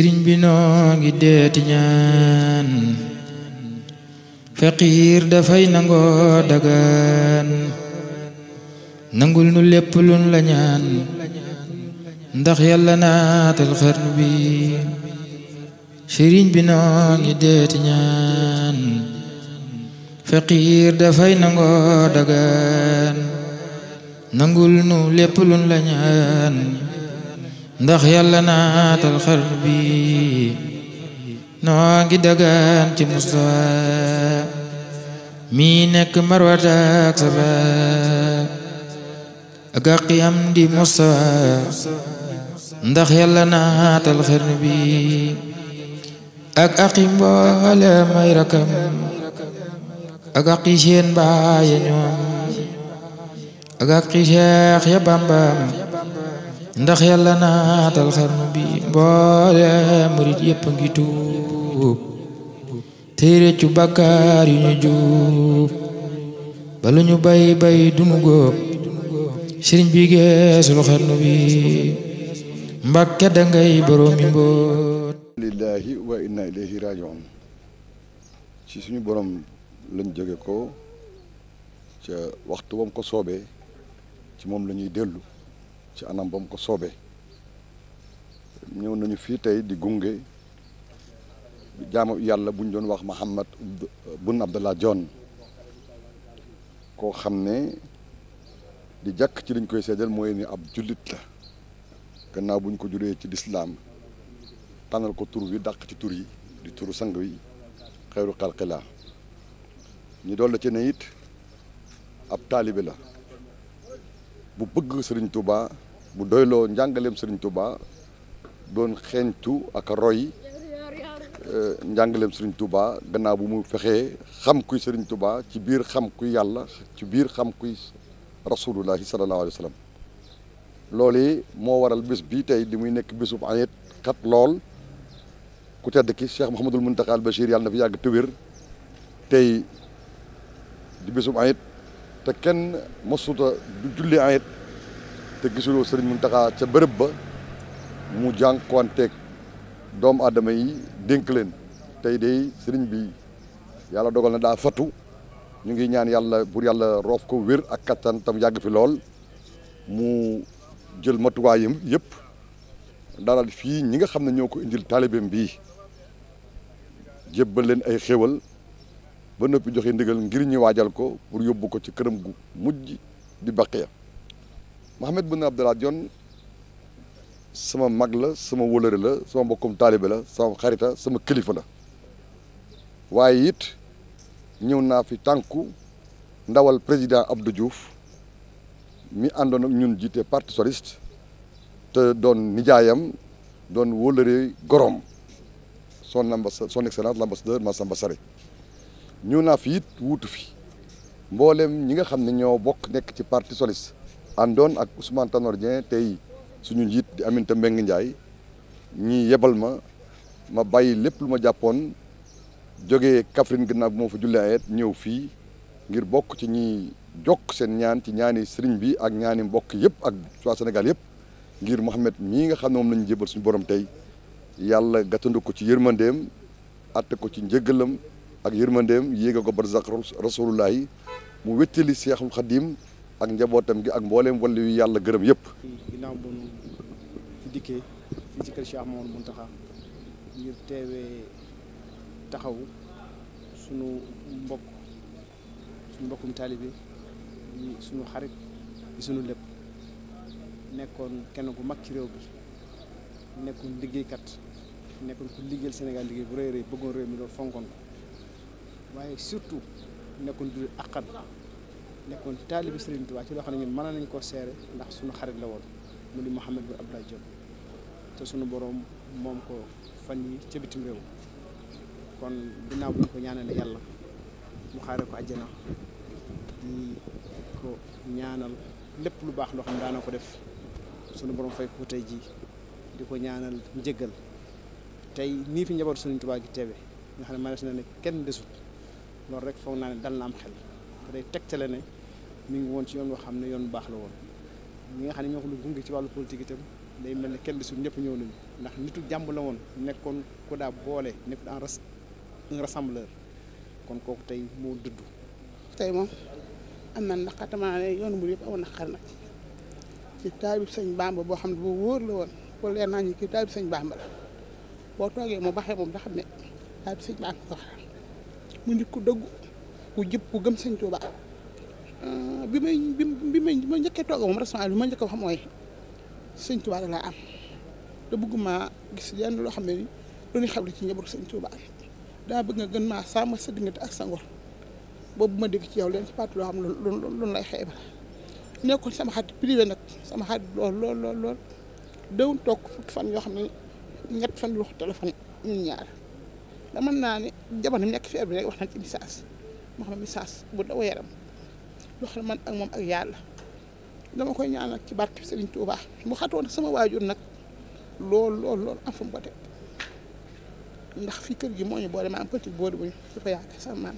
sëriñ bi noo ngi faqiir dafay nangoo dagaan nangul nu lépp lun la ndax yàlla naatal xarnu bi sëriñ bi noo ngi deeti ñaan faqiir dafay nangoo dagaan nangul nu lépp lun la ndax yàlla naatal xarnu bi noo ngi dagaan ci Musaa mi nekk marwata ak safa ak àqi am di Musaa ndax yàlla naatal xarnu bi ak àqi mboole may rakam ak àqi seen baay ñoom ak àqi ya Bàmbaam ndax yàlla naatal xarnu bi mboole murit yëpp a ngi tuub tey réccu bàkkaar yu ñu juub balu ñu bay bay dunu góob sëriñ bi geesul xarnu bi mbàkke dangay boroomi mboot lillahi wa inna ilayhi rajiun ci suñu borom lañ jóge ko ca waxtu wam ko soobee ci moom la ñuy dellu ci anam ba ko soobee ñëw nañu fii tey di gunge jaamu yàlla bu ñu doon wax Mahamad bun Abdallah John koo xam ne di jàkk ci liñ koy seddal mooy ni ab jullit la gannaaw bu ñu ko juree ci lislaam tànnal ko tur wi dàq ci tur yi di turu sang wi xeyru xalqilaa ñi dool la ci ne ab taalibe la bu bëgg Sëriñ Tuubaa bu doy doyloo njàngaleem Serigne Touba doon xeeñtu ak roy euh, njàngaleem Serigne Touba gannaaw bu mu fexee xam kuy Serigne Touba ci biir xam kuy yàlla ci biir xam kuy rasulullahi sallallahu alayhi wa sallam loolu moo waral bis bi tey li muy nekk bésub ayet kat lool ku tedd ki Cheikh Mouhamadul Mountakha al Bachir yàlla na fi yàgg te wér tey di bésub ayet te kenn masuta du julli ayet te gisuloo sëriñ Mountakha ca bërëb ba mu jànkuwanteeg doomu aadama yi dénk leen tey de sëriñ bi yàlla dogal na daa fattu ñu ngi ñaan yàlla pour yàlla roof ko wér ak kattan tam yàgg fi lool mu jël matuwaayam yëpp dalal fii ñi nga xam ne ñoo ko indil taalibeem bi jébbal leen ay xéwal ba noppi joxe ndigal ngir ñu waajal ko pour yóbbu ko ci këram gu mujj di baqiya Mahammed Boun Abdallah Dionne sama mag la sama wëlëre la sama mbokkum taalibe la sama xarita sama kilifa la waaye it ñëw naa fi tànku ndawal président Abdou Diouf mi àndoon ak ñun jiite parti socialiste te doon nijaayam doon wëlëre gorom son ambassade son excellence ma Massamba Sarré ñëw naa fi it wuutu fi mboolem ñi nga xam ne ñoo bokk nekk ci parti socialiste àndoon ak Ousmane Tanor Dieng tey suñu njiit di Aminata Mbengue Ndiaye ñi yebal ma ma bàyyi lépp lu ma jàppoon joge kafrin ginnaaw bi moo fa julli ayet ñëw fii ngir bokk ci ñi jokk seen ñaan ci ñaani sëriñ bi ak ñaani mbokk yëpp ak waa senegal yëpp ngir Mouhamed mii nga xam ne moom lañu jébal suñu borom tey yàlla gàttandu ko ci yërmandeem atte ko ci njëgalam ak yërmandeem yéega ko barzak rasulullah mu wettali Seexul Xadim ak njabootam gi ak mbooleem wàllu yu yàlla gërëm yépp ginnaaw bu nu dikkee fii ci kër Cheikh Mamadou Mountakha ngir teewee taxawu sunu mbokk sunu mbokkum taalibe suñu xarit yi sunu lépp nekkoon kenn ku mag ci réew bi nekkoon liggéeykat nekkoon ku liggéeyal Sénégal liggéey bu rëy rëy bëggoon réew mi loolu fonkoon ko waaye surtout nekkoon du àqan nekkoon taalibi Serigne Touba ci loo xam ne ñun mën nañ koo seere ndax suñu xarit la woon mu di Mouhamed bin Abdoulaye Diop te suñu boroom moom ko fan yi ci bitim réew kon ginnaaw bu ñu ko ñaanale yàlla mu xaare ko àjjana di ko ñaanal lépp lu baax loo xam ne daana ko def suñu borom fay ko tey jii di ko ñaanal njëggal tey nii fi njaboot Serigne Touba gi teewe nga xam ne man na ne kenn desut loolu rek foog naa ne dal na am xel te day tegtale ne mi ngi woon ci yoon boo xam ne yoon bu baax la woon ñi nga xam ne ñoo ko lu gunge ci wàllu politique itam day mel ne kenn desul ñëpp ñëw nañu ndax nitu jàmb la woon nekkoon ku daa boole nekk en un rassembleur kon kooku tey moo dudd tey moom am na naqar damaa ne yoonu mbir yëpp amoon naqar nag ci taalib sëñ Bamba boo xam ne boo wóor la woon boo leer naa ñu kii taalib sëñ Bamba la boo toogee mu baxee moom da xam ne taalib sëñ Bamba ko waxal mu nit ku dëggu ku jëpp ku gëm sëñ Tuubaa bi may bi bi may ma njëkkee tooga moom restaurant bi ma njëkk wax mooy sëñ Tuubaa laa am te ma gis yenn loo xam ne ni lu ñu xamle ci njabootu sëñ Tuubaa daa bëgg nga gën maa sàmm sa diggante ak sa ngor boobu ma dégg ci yow leen ci parti loo xam lu lu lay sama xarit privé nag sama xarit lool lool lool lool dawul toog fukki fan yoo xam ne ñett fan lu wax téléphone ñun ñaar da mën naa ne jamono nekk feebar rek wax nañ ci message moo xam ne message bu daw yaram doxal man ak moom ak yàlla dama koy ñaan ci barke Serigne Touba mu xatoon sama waajur nag lool lool lool am fa mu ndax fi kër gi moo ñu boole ma am petit boole bu ñu dafa yaakaar sama maam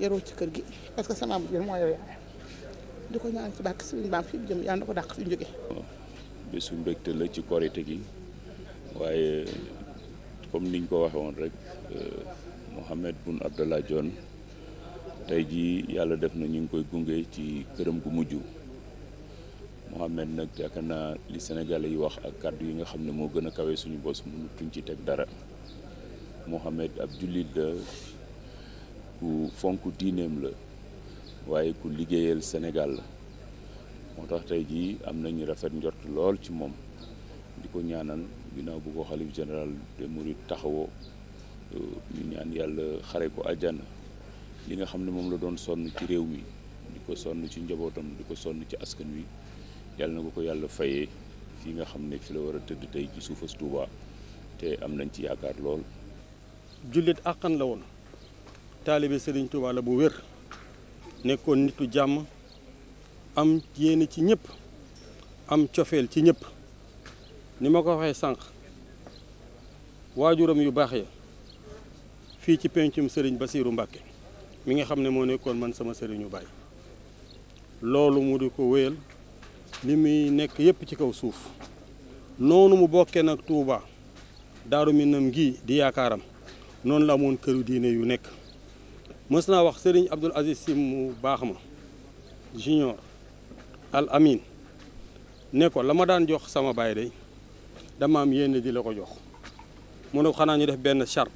yaroo ci kër gi parce que sama maam moo yor yaay di ko ñaan ci barke Serigne Bam fi jëm yàlla na ko dàq fi bi bésu mbégte la ci korite gi waaye comme niñ ko waxee woon rek euh, Mohamed Boun Abdallah Dionne tey jii yàlla def na ñu ngi koy gunge ci këram gu mujj Mohamed nag yaakaar naa li Sénégalais yi wax ak kàddu yi nga xam ne moo gën a kawe suñu bos mënutuñ ci teg dara Mohamed ab jullit la ku fonk diineem la waaye ku liggéeyal Sénégal la moo tax tey jii am na ñu rafet njort lool ci moom di ko ñaanal ginnaaw bu ko xalif général de Mouride taxawoo euh, ñu ñaan yàlla xare ko àjjana li nga xam ne moom la doon sonn ci réew mi di ko sonn ci njabootam di ko sonn ci askan wi yàlla na ko ko yàlla fayee fii nga xam ne fi la war a tëdd tey ci suufas Tuuba te am nañ ci yaakaar lool. jullit àqan la woon taalibe sëriñ Tuuba la bu wér nekkoon nitu jàmm am yéene ci ñëpp am cofeel ci ñëpp ni ma ko waxee sànq waajuram yu baax ya fii ci pencum sëriñ Basiiru Mbàkke mi nga xam ne moo nekkoon man sama sëriñu baay loolu mu di ko wéyal li muy nekk yépp ci kaw suuf noonu mu bokkee nag Touba Daaru nam gi di yaakaaram noonu la amoon kër diine yu nekk mës naa wax sëriñ Abdul Aziz Si mu baax ma junior al amin ne ko la ma daan jox sama baay day dama am yenn di la ko jox mu ne xanaa ñu def benn chart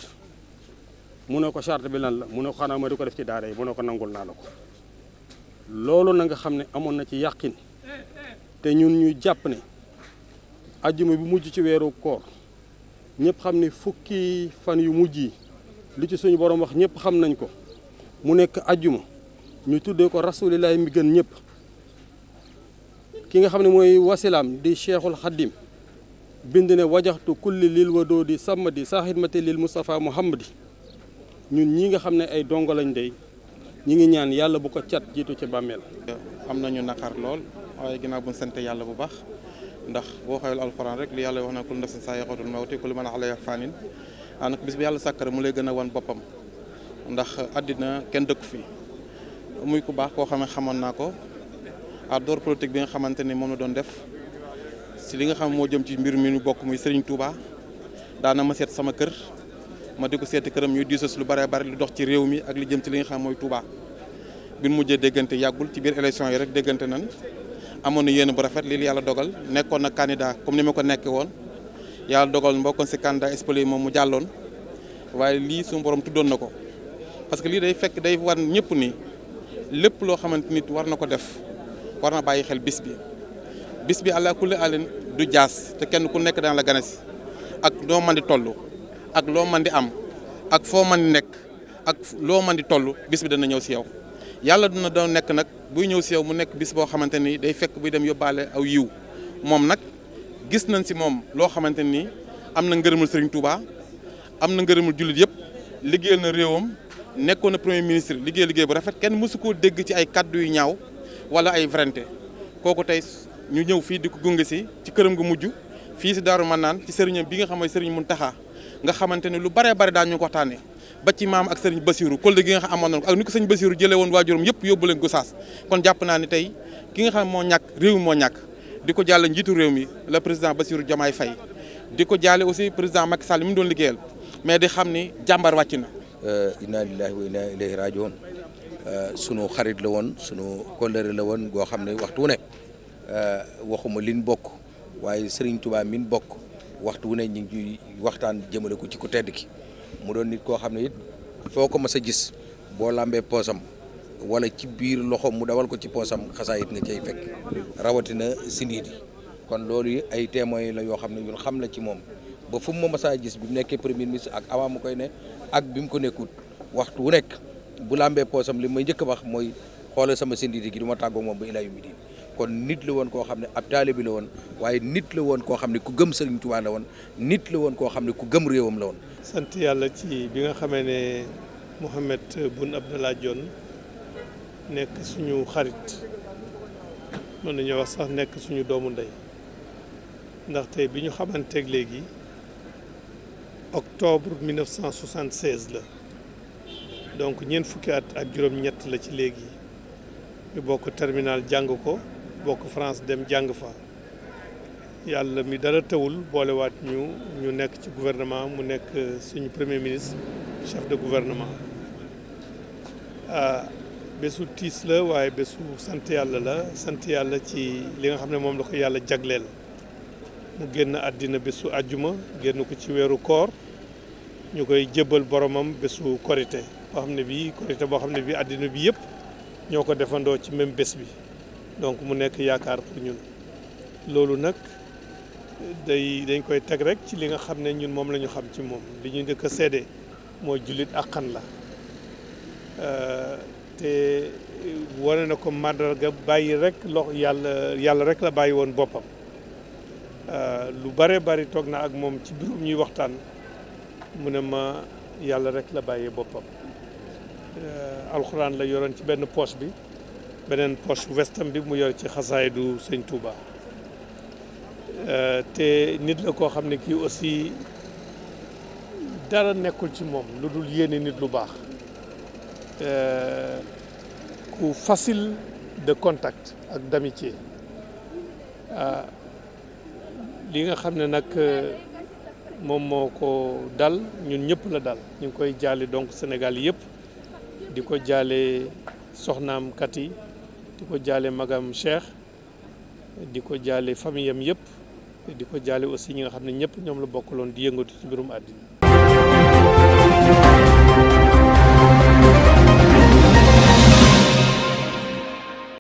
mu ne ko charte bi lan la mu ne ko xanaa ma di ko def ci daara yi mu ne ko nangul naa la ko loolu na nga xam ne amoon na ci yàqin te ñun ñu jàpp ne ajjuma bi mujj ci weeru koor ñëpp xam ne fukki fan yu mujj yi li ci suñu borom wax ñëpp xam nañ ko mu nekk ajjuma ñu tuddee ko rasulilahi mi gën ñëpp ki nga xam ne mooy wasilaam di cheikhul xaddim bind ne wajaxtu kulli lil doo di di saa xidmati lil mu moustapha muhammadi ñun ñi nga xam ne ay dongo lañ dey ñi ngi ñaan yàlla bu ko cat jiitu ci bàmmeel. am na ñu naqar lool waaye ginnaaw bu ñu sant yàlla bu baax ndax boo xoolee alxuraan rek li yàlla wax na kul nafsin zaa'iqatul mawti kullu man alayhaa faanin ah, nag bis bi yàlla sàkkar mu lay gën a wan boppam ndax àddina kenn dëkku fi muy ku baax koo xam ne xamoon naa ko àddoor politique bi nga xamante ne moom la doon def si li nga xam moo jëm ci mbir mi ñu bokk muy Serigne Touba daana ma seet sama kër. ma di ko seeti këram ñuy diisas lu bare bare lu dox ci réew mi ak li jëm ci li nga xam mooy Touba. bi mujjee déggante yàggul ci biir élection yi rek déggante nan amoon na yéen bu rafet lii yàlla dogal nekkoon na candidat comme ni ma ko nekkee woon yàlla dogal mbokkoon si candidat espoli moom mu jàlloon waaye lii suñu borom tuddoon na ko parce que lii day fekk day war ñëpp ni lépp loo xamante nit war na ko def war na bàyyi xel bis bi bis bi àlla kulli du jaas te kenn ku nekk dana la ganes ak doo mën di toll ak loo man di am ak foo mën di nekk ak loo mën di toll bis bi dana ñëw si yow yàlla dina doon nekk nag buy ñëw si yow mu nekk bis boo xamante ni day fekk buy dem yóbbaale aw yiw moom nag gis nañ si moom loo xamante nii am na ngërëmul Serigne Touba am na ngërëmul jullit yëpp liggéeyal na réewam nekkoon na premier ministre liggéey liggéey bu rafet kenn mësu koo dégg ci ay kàddu yu ñaaw wala ay vrente kooku tey ñu ñëw fii di ko gunge si ci këram gu mujj fii si Daaru Manaan ci sëriñam bi nga xam ne Serigne Mountakha nga xamante ne lu baree bare daan ñu ko waxtaanee ba ci maam ak sëriñ Basiru collègue gi nga xam amoon na ko ni ko sëriñ Basiru jëlee woon waajuram yëpp yóbbu leen Gosaas kon jàpp naa ne tey ki nga xam moo ñàkk réew mi moo ñàkk di ko jàlle njiitu réew mi la président Bassirou jamaay fay di ko jaale aussi président Macky Sall mi mu doon liggéeyal mais di xam ni jàmbar wàcc na. Euh, inna lillahi wa inna ilayhi rajiun euh, sunu xarit la woon sunu kóllëre la woon goo xam ne waxtu wu ne euh, waxuma liñ bokk waaye Serigne Touba min bokk waxtu wu ne ñu ngi waxtaan jëmale ko ci ku tedd ki mu doon nit koo xam ne it foo ko mas a gis boo làmbee poosam wala ci biir loxoom mu dawal ko ci poosam xasaa xasaayit nga cay fekk rawatina sindiit yi kon loolu ay témoins la yoo xam ne ñun xam na ci moom ba fu ma mas a gis bi mu nekkee premier ministre ak avant mu koy ne ak bi mu ko nekkut waxtu wu nekk bu làmbee poosam li may njëkk a wax mooy xoolal sama sindiit gi du ma tàggoo moom ba ilaa yu mi kon nit la woon koo xam ne ab taalibi la woon waaye nit la woon koo xam ne ku gëm Sëriñ Tuubaa la woon nit la woon koo xam ne ku gëm réewam la woon. sant yàlla ci bi nga xamee ne Mouhamed Boun Abdallah Dionne nekk suñu xarit mën nañoo wax sax nekk suñu doomu ndey ndaxte bi ñu xamanteeg léegi octobre 1976 la donc ñeent fukki at ak juróom-ñett la ci léegi ñu bokk terminal jàng ko. bokk France dem jàng fa yàlla mi dara tawul boolewaat ñu ñu nekk ci gouvernement mu nekk euh, suñu premier ministre chef de gouvernement euh, bésu tiis la waaye bésu sant yàlla la sant yàlla ci li nga xam ne moom da ko yàlla jagleel mu génn àddina bésu àjjuma génn ko ci weeru koor ñu koy jébbal boromam bésu korite boo xam ne bii korite boo xam ne bii àddina bi yëpp ñoo ko defandoo ci même bés bi donc mu nekk yaakaar pour ñun loolu nag day dañ koy teg rek ci li nga xam ne ñun moom la ñu xam ci moom li ñuy njëkk a seede mooy jullit àqan la euh, te wane na ko màndarga bàyyi rek lox yàlla yàlla rek la bàyyi woon boppam euh, lu bare bari toog na ak moom ci biirum ñuy waxtaan mu ne ma yàlla rek la bàyyee boppam euh, alxuraan la yoroon ci benn poche bi beneen poche westam bi mu yor ci du sëñ Touba euh, te nit la koo xam ne kii aussi dara nekkul ci moom lu dul yéene nit lu baax euh, ku facile de contact ak d'amitié euh, li nga xam ne nag moom moo ko dal ñun ñëpp la dal ñu ngi koy jaale donc Sénégal yëpp di ko jaale soxnaam kat yi di ko jaale magam Cheikh di ko jaale famille am yëpp di ko jaale aussi ñi nga xam ne ñëpp ñoom la bokkaloon di yëngatu ci mbirum àddina